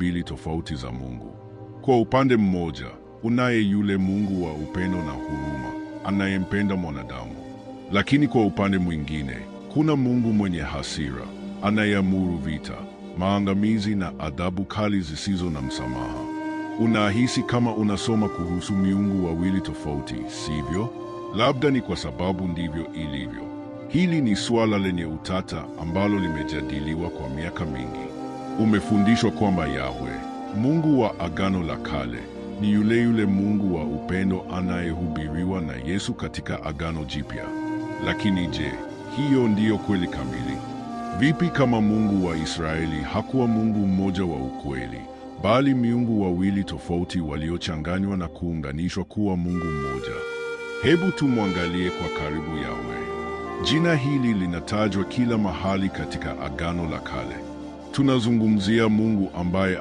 mbili tofauti za Mungu. Kwa upande mmoja, unaye yule Mungu wa upendo na huruma anayempenda mwanadamu, lakini kwa upande mwingine kuna Mungu mwenye hasira anayeamuru vita, maangamizi na adhabu kali zisizo na msamaha. Unahisi kama unasoma kuhusu miungu wawili tofauti, sivyo? Labda ni kwa sababu ndivyo ilivyo. Hili ni suala lenye utata ambalo limejadiliwa kwa miaka mingi umefundishwa kwamba Yahwe, Mungu wa Agano la Kale, ni yule yule Mungu wa upendo anayehubiriwa na Yesu katika Agano Jipya. Lakini je, hiyo ndiyo kweli kamili? Vipi kama Mungu wa Israeli hakuwa Mungu mmoja wa ukweli, bali miungu wawili tofauti waliochanganywa na kuunganishwa kuwa Mungu mmoja? Hebu tumwangalie kwa karibu Yahwe. Jina hili linatajwa kila mahali katika Agano la Kale tunazungumzia Mungu ambaye